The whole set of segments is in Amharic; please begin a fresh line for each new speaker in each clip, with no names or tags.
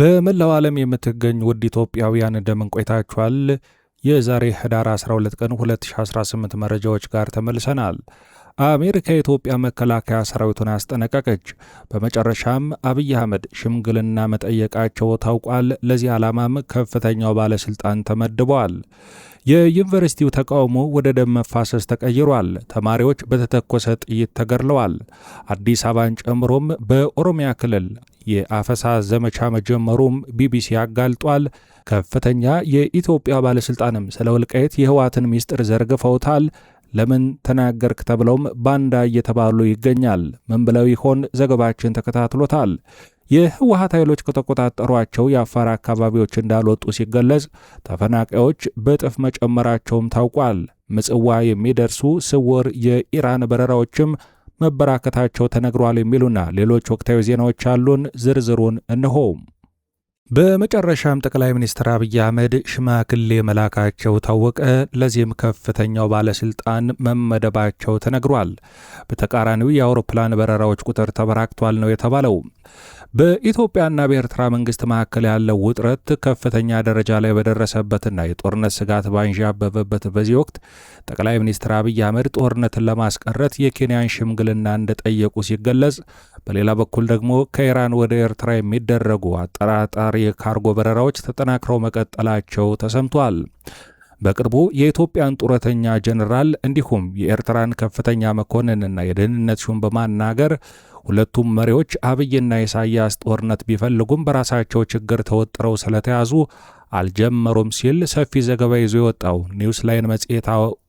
በመላው ዓለም የምትገኝ ውድ ኢትዮጵያውያን እንደምን ቆይታችኋል? የዛሬ ህዳር 12 ቀን 2018 መረጃዎች ጋር ተመልሰናል። አሜሪካ የኢትዮጵያ መከላከያ ሰራዊቱን አስጠነቀቀች። በመጨረሻም አብይ አህመድ ሽምግልና መጠየቃቸው ታውቋል። ለዚህ ዓላማም ከፍተኛው ባለስልጣን ተመድበዋል። የዩኒቨርሲቲው ተቃውሞ ወደ ደም መፋሰስ ተቀይሯል። ተማሪዎች በተተኮሰ ጥይት ተገድለዋል። አዲስ አበባን ጨምሮም በኦሮሚያ ክልል የአፈሳ ዘመቻ መጀመሩም ቢቢሲ አጋልጧል። ከፍተኛ የኢትዮጵያ ባለስልጣንም ስለ ወልቃየት የህወሓትን ሚስጥር ዘርግፈውታል። ለምን ተናገርክ ተብለውም ባንዳ እየተባሉ ይገኛል። ምን ብለው ይሆን? ዘገባችን ተከታትሎታል። የህወሀት ኃይሎች ከተቆጣጠሯቸው የአፋር አካባቢዎች እንዳልወጡ ሲገለጽ ተፈናቃዮች በእጥፍ መጨመራቸውም ታውቋል። ምጽዋ የሚደርሱ ስውር የኢራን በረራዎችም መበራከታቸው ተነግሯል። የሚሉና ሌሎች ወቅታዊ ዜናዎች አሉን። ዝርዝሩን እንሆ በመጨረሻም ጠቅላይ ሚኒስትር አብይ አህመድ ሽማግሌ መላካቸው ታወቀ። ለዚህም ከፍተኛው ባለስልጣን መመደባቸው ተነግሯል። በተቃራኒው የአውሮፕላን በረራዎች ቁጥር ተበራክቷል ነው የተባለው። በኢትዮጵያና በኤርትራ መንግስት መካከል ያለው ውጥረት ከፍተኛ ደረጃ ላይ በደረሰበትና የጦርነት ስጋት ባንዣበበበት በዚህ ወቅት ጠቅላይ ሚኒስትር አብይ አህመድ ጦርነትን ለማስቀረት የኬንያን ሽምግልና እንደጠየቁ ሲገለጽ በሌላ በኩል ደግሞ ከኢራን ወደ ኤርትራ የሚደረጉ አጠራጣሪ የካርጎ በረራዎች ተጠናክረው መቀጠላቸው ተሰምቷል። በቅርቡ የኢትዮጵያን ጡረተኛ ጀኔራል እንዲሁም የኤርትራን ከፍተኛ መኮንንና የደህንነት ሹም በማናገር ሁለቱም መሪዎች አብይና ኢሳያስ ጦርነት ቢፈልጉም በራሳቸው ችግር ተወጥረው ስለተያዙ አልጀመሩም ሲል ሰፊ ዘገባ ይዞ የወጣው ኒውስ ላይን መጽሔት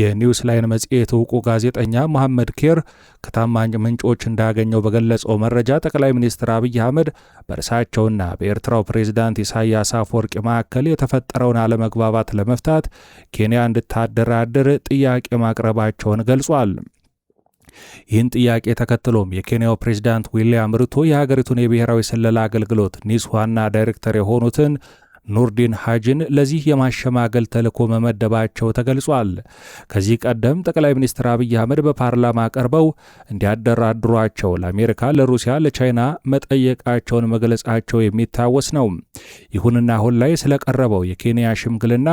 የኒውስ ላይን መጽሔት እውቁ ጋዜጠኛ መሐመድ ኬር ከታማኝ ምንጮች እንዳገኘው በገለጸው መረጃ ጠቅላይ ሚኒስትር አብይ አህመድ በእርሳቸውና በኤርትራው ፕሬዚዳንት ኢሳያስ አፈወርቂ መካከል የተፈጠረውን አለመግባባት ለመፍታት ኬንያ እንድታደራድር ጥያቄ ማቅረባቸውን ገልጿል። ይህን ጥያቄ ተከትሎም የኬንያው ፕሬዚዳንት ዊልያም ሩቶ የሀገሪቱን የብሔራዊ ስለላ አገልግሎት ኒስ ዋና ዳይሬክተር የሆኑትን ኑርዲን ሃጅን ለዚህ የማሸማገል ተልዕኮ መመደባቸው ተገልጿል። ከዚህ ቀደም ጠቅላይ ሚኒስትር አብይ አህመድ በፓርላማ ቀርበው እንዲያደራድሯቸው ለአሜሪካ፣ ለሩሲያ፣ ለቻይና መጠየቃቸውን መግለጻቸው የሚታወስ ነው። ይሁንና አሁን ላይ ስለቀረበው የኬንያ ሽምግልና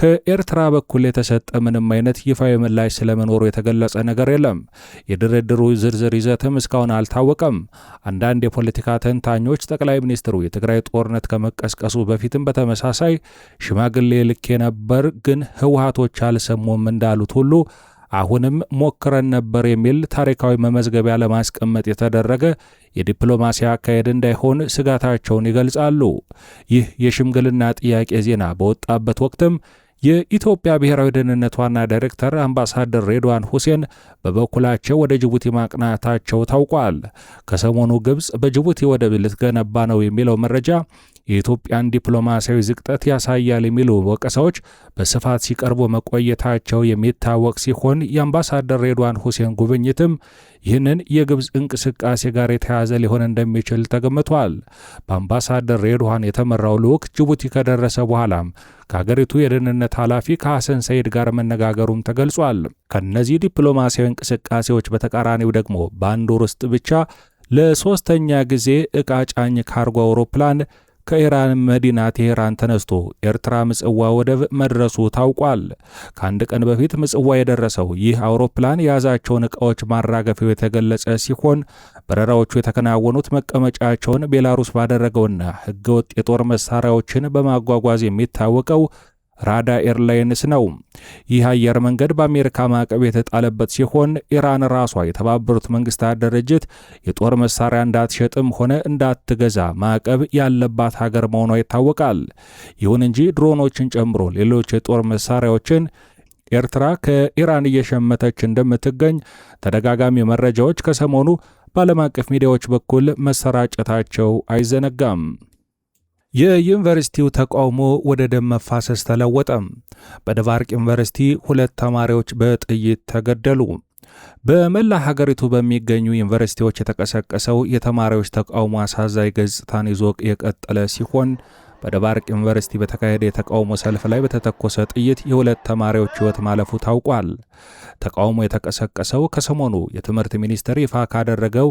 ከኤርትራ በኩል የተሰጠ ምንም አይነት ይፋዊ ምላሽ ስለመኖሩ የተገለጸ ነገር የለም። የድርድሩ ዝርዝር ይዘትም እስካሁን አልታወቀም። አንዳንድ የፖለቲካ ተንታኞች ጠቅላይ ሚኒስትሩ የትግራይ ጦርነት ከመቀስቀሱ በፊትም በተመሳሳይ ሽማግሌ ልኬ ነበር፣ ግን ህወሓቶች አልሰሙም እንዳሉት ሁሉ አሁንም ሞክረን ነበር የሚል ታሪካዊ መመዝገቢያ ለማስቀመጥ የተደረገ የዲፕሎማሲ አካሄድ እንዳይሆን ስጋታቸውን ይገልጻሉ። ይህ የሽምግልና ጥያቄ ዜና በወጣበት ወቅትም የኢትዮጵያ ብሔራዊ ደህንነት ዋና ዳይሬክተር አምባሳደር ሬድዋን ሁሴን በበኩላቸው ወደ ጅቡቲ ማቅናታቸው ታውቋል። ከሰሞኑ ግብፅ በጅቡቲ ወደብ ልትገነባ ነው የሚለው መረጃ የኢትዮጵያን ዲፕሎማሲያዊ ዝቅጠት ያሳያል የሚሉ ወቀሳዎች በስፋት ሲቀርቡ መቆየታቸው የሚታወቅ ሲሆን የአምባሳደር ሬድዋን ሁሴን ጉብኝትም ይህንን የግብፅ እንቅስቃሴ ጋር የተያዘ ሊሆን እንደሚችል ተገምቷል። በአምባሳደር ሬድዋን የተመራው ልዑክ ጅቡቲ ከደረሰ በኋላም ከሀገሪቱ የደህንነት ኃላፊ ከሐሰን ሰይድ ጋር መነጋገሩም ተገልጿል። ከእነዚህ ዲፕሎማሲያዊ እንቅስቃሴዎች በተቃራኒው ደግሞ በአንድ ወር ውስጥ ብቻ ለሶስተኛ ጊዜ ዕቃ ጫኝ ካርጎ አውሮፕላን ከኢራን መዲና ቴሄራን ተነስቶ ኤርትራ ምጽዋ ወደብ መድረሱ ታውቋል። ከአንድ ቀን በፊት ምጽዋ የደረሰው ይህ አውሮፕላን የያዛቸውን ዕቃዎች ማራገፊያው የተገለጸ ሲሆን በረራዎቹ የተከናወኑት መቀመጫቸውን ቤላሩስ ባደረገውና ሕገወጥ የጦር መሳሪያዎችን በማጓጓዝ የሚታወቀው ራዳ ኤርላይንስ ነው። ይህ አየር መንገድ በአሜሪካ ማዕቀብ የተጣለበት ሲሆን ኢራን ራሷ የተባበሩት መንግስታት ድርጅት የጦር መሳሪያ እንዳትሸጥም ሆነ እንዳትገዛ ማዕቀብ ያለባት ሀገር መሆኗ ይታወቃል። ይሁን እንጂ ድሮኖችን ጨምሮ ሌሎች የጦር መሳሪያዎችን ኤርትራ ከኢራን እየሸመተች እንደምትገኝ ተደጋጋሚ መረጃዎች ከሰሞኑ በዓለም አቀፍ ሚዲያዎች በኩል መሰራጨታቸው አይዘነጋም። የዩኒቨርሲቲው ተቃውሞ ወደ ደም መፋሰስ ተለወጠም። በደባርቅ ዩኒቨርሲቲ ሁለት ተማሪዎች በጥይት ተገደሉ። በመላ ሀገሪቱ በሚገኙ ዩኒቨርሲቲዎች የተቀሰቀሰው የተማሪዎች ተቃውሞ አሳዛኝ ገጽታን ይዞ የቀጠለ ሲሆን በደባርቅ ዩኒቨርሲቲ በተካሄደ የተቃውሞ ሰልፍ ላይ በተተኮሰ ጥይት የሁለት ተማሪዎች ሕይወት ማለፉ ታውቋል። ተቃውሞ የተቀሰቀሰው ከሰሞኑ የትምህርት ሚኒስቴር ይፋ ካደረገው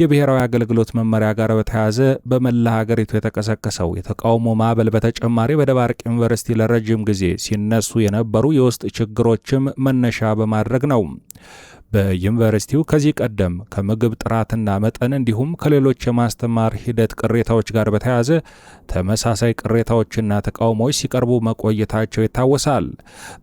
የብሔራዊ አገልግሎት መመሪያ ጋር በተያያዘ በመላ ሀገሪቱ የተቀሰቀሰው የተቃውሞ ማዕበል በተጨማሪ በደባርቅ ዩኒቨርሲቲ ለረጅም ጊዜ ሲነሱ የነበሩ የውስጥ ችግሮችም መነሻ በማድረግ ነው። በዩኒቨርሲቲው ከዚህ ቀደም ከምግብ ጥራትና መጠን እንዲሁም ከሌሎች የማስተማር ሂደት ቅሬታዎች ጋር በተያያዘ ተመሳሳይ ቅሬታዎችና ተቃውሞዎች ሲቀርቡ መቆየታቸው ይታወሳል።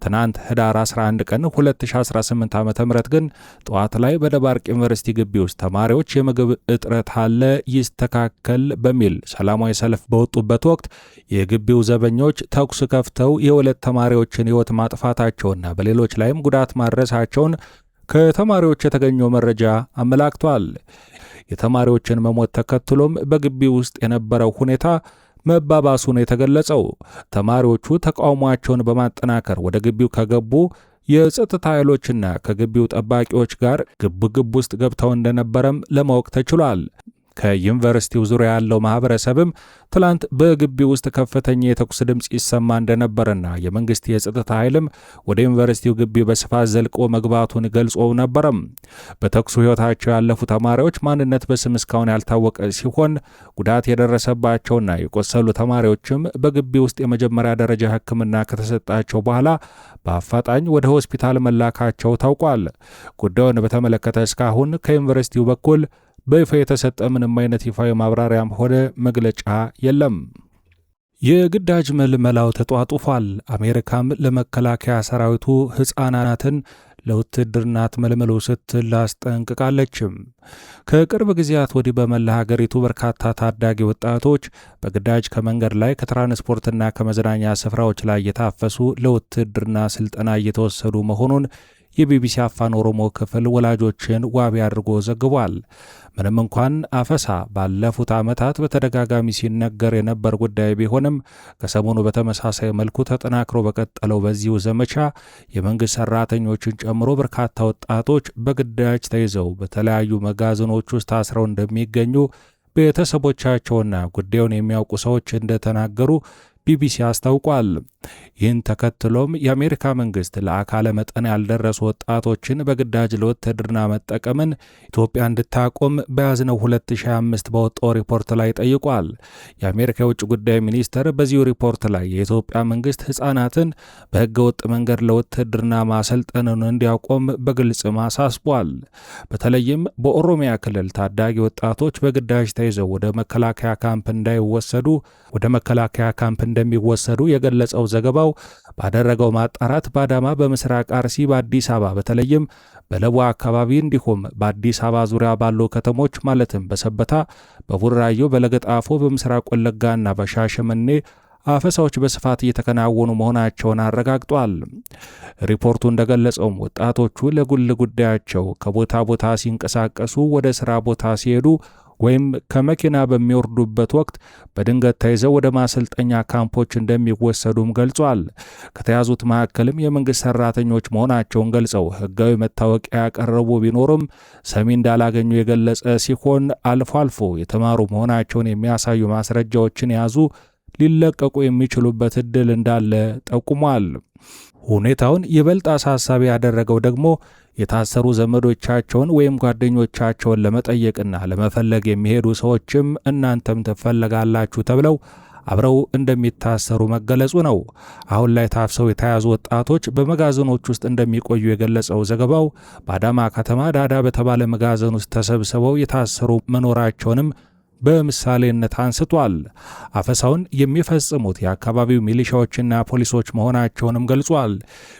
ትናንት ህዳር 11 ቀን 2018 ዓ ም ግን ጠዋት ላይ በደባርቅ ዩኒቨርሲቲ ግቢ ውስጥ ተማሪዎች የምግብ እጥረት አለ ይስተካከል በሚል ሰላማዊ ሰልፍ በወጡበት ወቅት የግቢው ዘበኞች ተኩስ ከፍተው የሁለት ተማሪዎችን ህይወት ማጥፋታቸውና በሌሎች ላይም ጉዳት ማድረሳቸውን ከተማሪዎች የተገኘው መረጃ አመላክቷል። የተማሪዎችን መሞት ተከትሎም በግቢ ውስጥ የነበረው ሁኔታ መባባሱ ነው የተገለጸው። ተማሪዎቹ ተቃውሟቸውን በማጠናከር ወደ ግቢው ከገቡ የጸጥታ ኃይሎችና ከግቢው ጠባቂዎች ጋር ግብግብ ውስጥ ገብተው እንደነበረም ለማወቅ ተችሏል። ከዩኒቨርሲቲው ዙሪያ ያለው ማህበረሰብም ትላንት በግቢ ውስጥ ከፍተኛ የተኩስ ድምፅ ይሰማ እንደነበርና የመንግስት የጸጥታ ኃይልም ወደ ዩኒቨርሲቲው ግቢ በስፋት ዘልቆ መግባቱን ገልጾ ነበረም። በተኩሱ ሕይወታቸው ያለፉ ተማሪዎች ማንነት በስም እስካሁን ያልታወቀ ሲሆን ጉዳት የደረሰባቸውና የቆሰሉ ተማሪዎችም በግቢ ውስጥ የመጀመሪያ ደረጃ ሕክምና ከተሰጣቸው በኋላ በአፋጣኝ ወደ ሆስፒታል መላካቸው ታውቋል። ጉዳዩን በተመለከተ እስካሁን ከዩኒቨርሲቲው በኩል በይፋ የተሰጠ ምንም አይነት ይፋዊ ማብራሪያም ሆነ መግለጫ የለም። የግዳጅ ምልመላው ተጧጡፏል። አሜሪካም ለመከላከያ ሰራዊቱ ሕፃናትን ለውትድርና አትመልምሉ ስትል አስጠንቅቃለችም። ከቅርብ ጊዜያት ወዲህ በመላ ሀገሪቱ በርካታ ታዳጊ ወጣቶች በግዳጅ ከመንገድ ላይ ከትራንስፖርትና ከመዝናኛ ስፍራዎች ላይ እየታፈሱ ለውትድርና ስልጠና እየተወሰዱ መሆኑን የቢቢሲ አፋን ኦሮሞ ክፍል ወላጆችን ዋቢ አድርጎ ዘግቧል። ምንም እንኳን አፈሳ ባለፉት ዓመታት በተደጋጋሚ ሲነገር የነበር ጉዳይ ቢሆንም ከሰሞኑ በተመሳሳይ መልኩ ተጠናክሮ በቀጠለው በዚሁ ዘመቻ የመንግሥት ሠራተኞችን ጨምሮ በርካታ ወጣቶች በግዳጅ ተይዘው በተለያዩ መጋዘኖች ውስጥ ታስረው እንደሚገኙ ቤተሰቦቻቸውና ጉዳዩን የሚያውቁ ሰዎች እንደተናገሩ ቢቢሲ አስታውቋል። ይህን ተከትሎም የአሜሪካ መንግስት ለአካለ መጠን ያልደረሱ ወጣቶችን በግዳጅ ለውትድርና መጠቀምን ኢትዮጵያ እንድታቆም በያዝነው 2025 በወጣው ሪፖርት ላይ ጠይቋል። የአሜሪካ የውጭ ጉዳይ ሚኒስቴር በዚሁ ሪፖርት ላይ የኢትዮጵያ መንግስት ሕፃናትን በሕገ ወጥ መንገድ ለውትድርና ማሰልጠንን እንዲያቆም በግልጽም አሳስቧል። በተለይም በኦሮሚያ ክልል ታዳጊ ወጣቶች በግዳጅ ተይዘው ወደ መከላከያ ካምፕ እንዳይወሰዱ ወደ መከላከያ ካምፕ እንደሚወሰዱ የገለጸው ዘገባው ባደረገው ማጣራት በአዳማ፣ በምስራቅ አርሲ፣ በአዲስ አበባ በተለይም በለቡ አካባቢ እንዲሁም በአዲስ አበባ ዙሪያ ባሉ ከተሞች ማለትም በሰበታ፣ በቡራዮ፣ በለገጣፎ፣ በምስራቅ ወለጋና በሻሸመኔ አፈሳዎች በስፋት እየተከናወኑ መሆናቸውን አረጋግጧል። ሪፖርቱ እንደገለጸውም ወጣቶቹ ለግል ጉዳያቸው ከቦታ ቦታ ሲንቀሳቀሱ፣ ወደ ሥራ ቦታ ሲሄዱ ወይም ከመኪና በሚወርዱበት ወቅት በድንገት ተይዘው ወደ ማሰልጠኛ ካምፖች እንደሚወሰዱም ገልጿል። ከተያዙት መካከልም የመንግስት ሰራተኞች መሆናቸውን ገልጸው ህጋዊ መታወቂያ ያቀረቡ ቢኖርም ሰሚ እንዳላገኙ የገለጸ ሲሆን አልፎ አልፎ የተማሩ መሆናቸውን የሚያሳዩ ማስረጃዎችን የያዙ ሊለቀቁ የሚችሉበት እድል እንዳለ ጠቁሟል። ሁኔታውን ይበልጥ አሳሳቢ ያደረገው ደግሞ የታሰሩ ዘመዶቻቸውን ወይም ጓደኞቻቸውን ለመጠየቅና ለመፈለግ የሚሄዱ ሰዎችም እናንተም ትፈለጋላችሁ ተብለው አብረው እንደሚታሰሩ መገለጹ ነው። አሁን ላይ ታፍሰው የተያዙ ወጣቶች በመጋዘኖች ውስጥ እንደሚቆዩ የገለጸው ዘገባው በአዳማ ከተማ ዳዳ በተባለ መጋዘን ውስጥ ተሰብስበው የታሰሩ መኖራቸውንም በምሳሌነት አንስቷል። አፈሳውን የሚፈጽሙት የአካባቢው ሚሊሻዎችና ፖሊሶች መሆናቸውንም ገልጿል።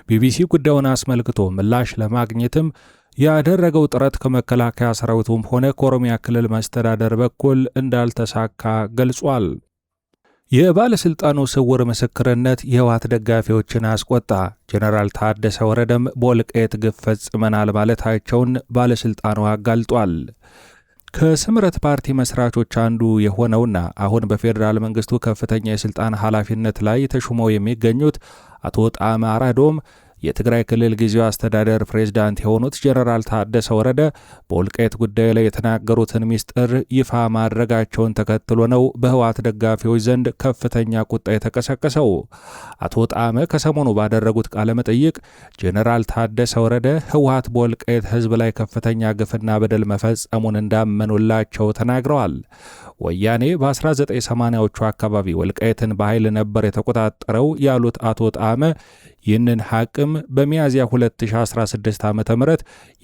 ቢቢሲ ጉዳዩን አስመልክቶ ምላሽ ለማግኘትም ያደረገው ጥረት ከመከላከያ ሰራዊቱም ሆነ ከኦሮሚያ ክልል መስተዳደር በኩል እንዳልተሳካ ገልጿል። የባለሥልጣኑ ስውር ምስክርነት የህወሓት ደጋፊዎችን አስቆጣ። ጀነራል ታደሰ ወረደም በወልቃይት ግፍ ፈጽመናል ማለታቸውን ባለሥልጣኑ አጋልጧል። ከስምረት ፓርቲ መስራቾች አንዱ የሆነውና አሁን በፌዴራል መንግስቱ ከፍተኛ የስልጣን ኃላፊነት ላይ ተሹመው የሚገኙት አቶ ጣዕመ አራዶም የትግራይ ክልል ጊዜያዊ አስተዳደር ፕሬዝዳንት የሆኑት ጀነራል ታደሰ ወረደ በወልቃይት ጉዳይ ላይ የተናገሩትን ሚስጥር ይፋ ማድረጋቸውን ተከትሎ ነው በህወሓት ደጋፊዎች ዘንድ ከፍተኛ ቁጣ የተቀሰቀሰው። አቶ ጣመ ከሰሞኑ ባደረጉት ቃለ መጠይቅ ጀነራል ታደሰ ወረደ ህወሓት በወልቃይት ህዝብ ላይ ከፍተኛ ግፍና በደል መፈጸሙን እንዳመኑላቸው ተናግረዋል። ወያኔ በ1980ዎቹ አካባቢ ወልቃይትን በኃይል ነበር የተቆጣጠረው ያሉት አቶ ጣመ ይህንን ሐቅም በሚያዝያ 2016 ዓ ም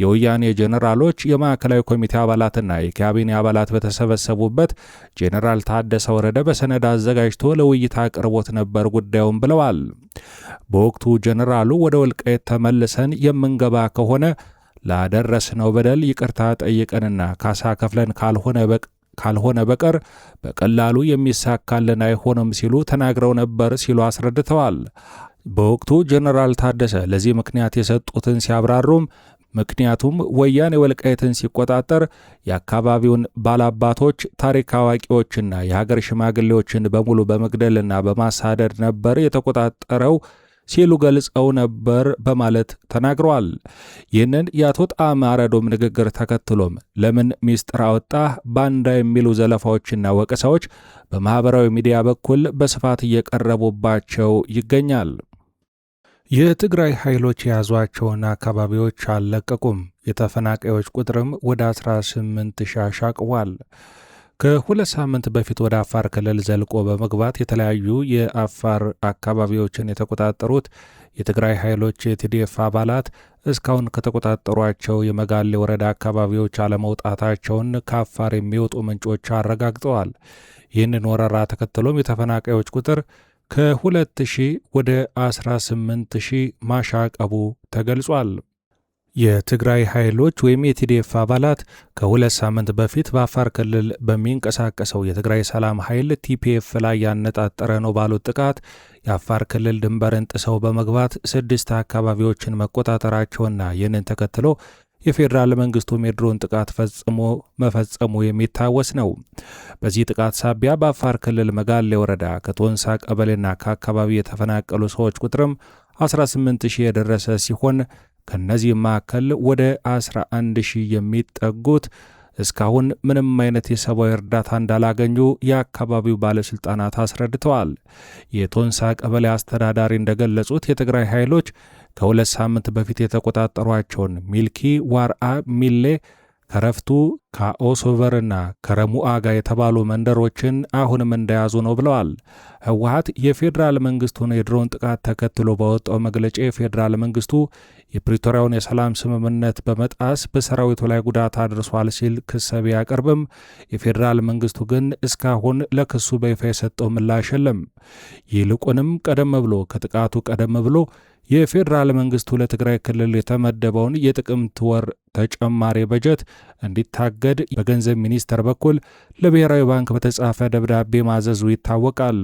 የወያኔ ጄኔራሎች የማዕከላዊ ኮሚቴ አባላትና የካቢኔ አባላት በተሰበሰቡበት ጄኔራል ታደሰ ወረደ በሰነድ አዘጋጅቶ ለውይይት አቅርቦት ነበር ጉዳዩም ብለዋል። በወቅቱ ጄኔራሉ ወደ ወልቃይት ተመልሰን የምንገባ ከሆነ ላደረስነው በደል ይቅርታ ጠይቀንና ካሳ ከፍለን ካልሆነ በቅ ካልሆነ በቀር በቀላሉ የሚሳካልን አይሆንም ሲሉ ተናግረው ነበር ሲሉ አስረድተዋል። በወቅቱ ጀነራል ታደሰ ለዚህ ምክንያት የሰጡትን ሲያብራሩም ምክንያቱም ወያኔ ወልቃይትን ሲቆጣጠር የአካባቢውን ባላባቶች፣ ታሪክ አዋቂዎችና የሀገር ሽማግሌዎችን በሙሉ በመግደልና በማሳደድ ነበር የተቆጣጠረው ሲሉ ገልጸው ነበር በማለት ተናግረዋል። ይህንን የአቶ ጣዕመ አረዶም ንግግር ተከትሎም ለምን ሚስጥር አወጣህ ባንዳ የሚሉ ዘለፋዎችና ወቀሳዎች በማኅበራዊ ሚዲያ በኩል በስፋት እየቀረቡባቸው ይገኛል። የትግራይ ኃይሎች የያዟቸውን አካባቢዎች አልለቀቁም። የተፈናቃዮች ቁጥርም ወደ 18 ሺህ አሻቅቧል። ከሁለት ሳምንት በፊት ወደ አፋር ክልል ዘልቆ በመግባት የተለያዩ የአፋር አካባቢዎችን የተቆጣጠሩት የትግራይ ኃይሎች የቲዲኤፍ አባላት እስካሁን ከተቆጣጠሯቸው የመጋሌ ወረዳ አካባቢዎች አለመውጣታቸውን ከአፋር የሚወጡ ምንጮች አረጋግጠዋል። ይህንን ወረራ ተከትሎም የተፈናቃዮች ቁጥር ከሁለት ሺህ ወደ 18000 ሺህ ማሻቀቡ ተገልጿል። የትግራይ ኃይሎች ወይም የቲዲኤፍ አባላት ከሁለት ሳምንት በፊት በአፋር ክልል በሚንቀሳቀሰው የትግራይ ሰላም ኃይል ቲፒኤፍ ላይ ያነጣጠረ ነው ባሉት ጥቃት የአፋር ክልል ድንበርን ጥሰው በመግባት ስድስት አካባቢዎችን መቆጣጠራቸውና ይህንን ተከትሎ የፌዴራል መንግስቱም የድሮን ጥቃት ፈጽሞ መፈጸሙ የሚታወስ ነው። በዚህ ጥቃት ሳቢያ በአፋር ክልል መጋሌ ወረዳ ከቶንሳ ቀበሌና ከአካባቢ የተፈናቀሉ ሰዎች ቁጥርም 18 ሺህ የደረሰ ሲሆን ከእነዚህ መካከል ወደ 11 ሺህ የሚጠጉት እስካሁን ምንም አይነት የሰብአዊ እርዳታ እንዳላገኙ የአካባቢው ባለሥልጣናት አስረድተዋል። የቶንሳ ቀበሌ አስተዳዳሪ እንደገለጹት የትግራይ ኃይሎች ከሁለት ሳምንት በፊት የተቆጣጠሯቸውን ሚልኪ ዋርአ ሚሌ ከረፍቱ ከኦሶቨርና ከረሙአጋ የተባሉ መንደሮችን አሁንም እንደያዙ ነው ብለዋል። ህወሀት የፌዴራል መንግስቱን የድሮን ጥቃት ተከትሎ በወጣው መግለጫ የፌዴራል መንግስቱ የፕሪቶሪያውን የሰላም ስምምነት በመጣስ በሰራዊቱ ላይ ጉዳት አድርሷል ሲል ክስ ቢያቀርብም የፌዴራል መንግስቱ ግን እስካሁን ለክሱ በይፋ የሰጠው ምላሽ የለም። ይልቁንም ቀደም ብሎ ከጥቃቱ ቀደም ብሎ የፌዴራል መንግስቱ ለትግራይ ክልል የተመደበውን የጥቅምት ወር ተጨማሪ በጀት እንዲታገድ በገንዘብ ሚኒስቴር በኩል ለብሔራዊ ባንክ በተጻፈ ደብዳቤ ማዘዙ ይታወቃል።